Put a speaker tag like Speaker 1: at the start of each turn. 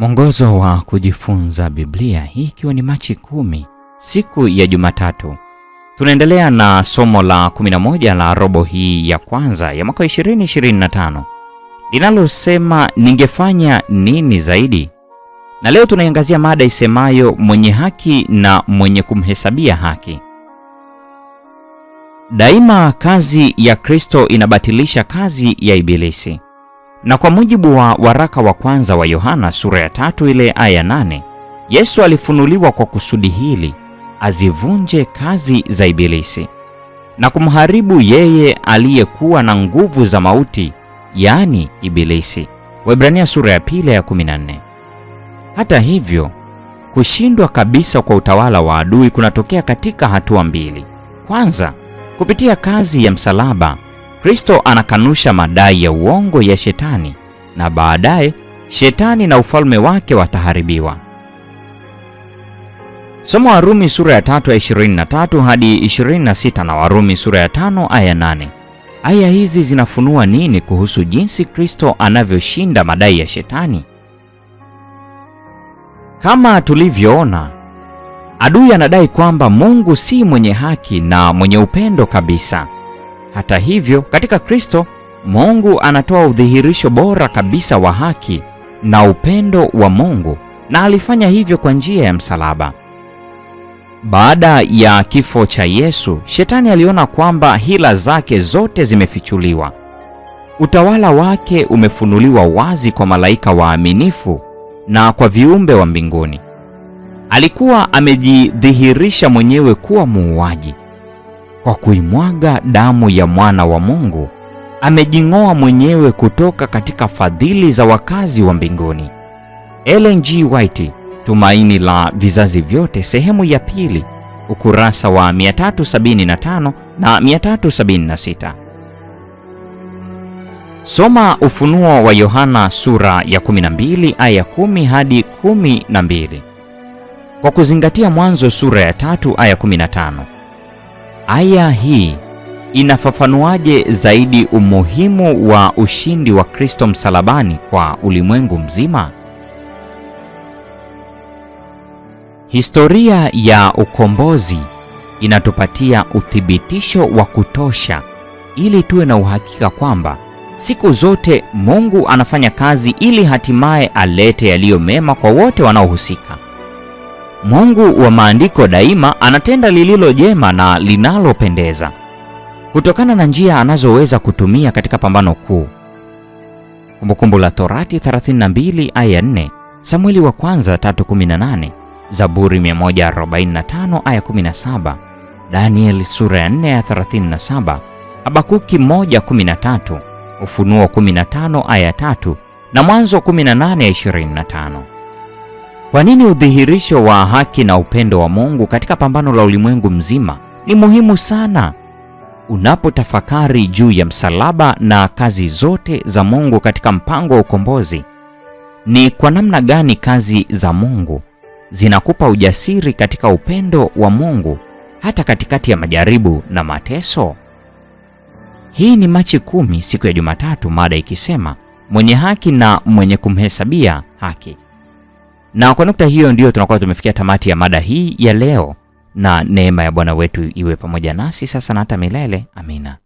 Speaker 1: Mwongozo wa kujifunza Biblia, hii ikiwa ni Machi kumi, siku ya Jumatatu. Tunaendelea na somo la 11 la robo hii ya kwanza ya mwaka 2025 linalosema ningefanya nini zaidi, na leo tunaiangazia mada isemayo mwenye haki na mwenye kumhesabia haki. Daima kazi ya Kristo inabatilisha kazi ya Ibilisi. Na kwa mujibu wa waraka wa kwanza wa Yohana sura ya tatu ile aya nane, Yesu alifunuliwa kwa kusudi hili azivunje kazi za Ibilisi na kumharibu yeye aliyekuwa na nguvu za mauti, yaani Ibilisi. Waebrania sura ya pili ya 14. Hata hivyo, kushindwa kabisa kwa utawala wa adui kunatokea katika hatua mbili. Kwanza, kupitia kazi ya msalaba Kristo anakanusha madai ya uongo ya Shetani na baadaye Shetani na ufalme wake wataharibiwa. Soma Warumi sura ya 3 23 hadi 26 na Warumi sura ya 5 aya 8. Aya hizi zinafunua nini kuhusu jinsi Kristo anavyoshinda madai ya Shetani? Kama tulivyoona, adui anadai kwamba Mungu si mwenye haki na mwenye upendo kabisa. Hata hivyo, katika Kristo Mungu anatoa udhihirisho bora kabisa wa haki na upendo wa Mungu na alifanya hivyo kwa njia ya msalaba. Baada ya kifo cha Yesu, Shetani aliona kwamba hila zake zote zimefichuliwa. Utawala wake umefunuliwa wazi kwa malaika waaminifu na kwa viumbe wa mbinguni. Alikuwa amejidhihirisha mwenyewe kuwa muuaji kwa kuimwaga damu ya mwana wa Mungu amejing'oa mwenyewe kutoka katika fadhili za wakazi wa mbinguni. Ellen G. White, Tumaini la Vizazi Vyote, sehemu ya pili, ukurasa wa 375 na 376. Soma Ufunuo wa Yohana sura ya 12 aya 10 hadi 12 kwa kuzingatia Mwanzo sura ya 3 aya 15. Aya hii inafafanuaje zaidi umuhimu wa ushindi wa Kristo msalabani kwa ulimwengu mzima? Historia ya ukombozi inatupatia uthibitisho wa kutosha ili tuwe na uhakika kwamba siku zote Mungu anafanya kazi ili hatimaye alete yaliyo mema kwa wote wanaohusika. Mungu wa maandiko daima anatenda lililo jema na linalopendeza kutokana na njia anazoweza kutumia katika pambano kuu. Kumbukumbu la Torati 32 aya 4, Samueli wa kwanza 3:18, Zaburi 145 aya 17, Daniel sura ya 4 aya 37, Habakuki 1:13, Ufunuo 15 aya 3 na Mwanzo 18:25. Kwa nini udhihirisho wa haki na upendo wa Mungu katika pambano la ulimwengu mzima ni muhimu sana? Unapotafakari juu ya msalaba na kazi zote za Mungu katika mpango wa ukombozi, ni kwa namna gani kazi za Mungu zinakupa ujasiri katika upendo wa Mungu hata katikati ya majaribu na mateso? Hii ni Machi kumi, siku ya Jumatatu, mada ikisema mwenye haki na mwenye kumhesabia haki. Na kwa nukta hiyo ndiyo tunakuwa tumefikia tamati ya mada hii ya leo, na neema ya Bwana wetu iwe pamoja nasi sasa na hata milele. Amina.